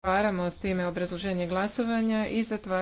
Zatvaramo s time obrazloženje glasovanja i zatvaramo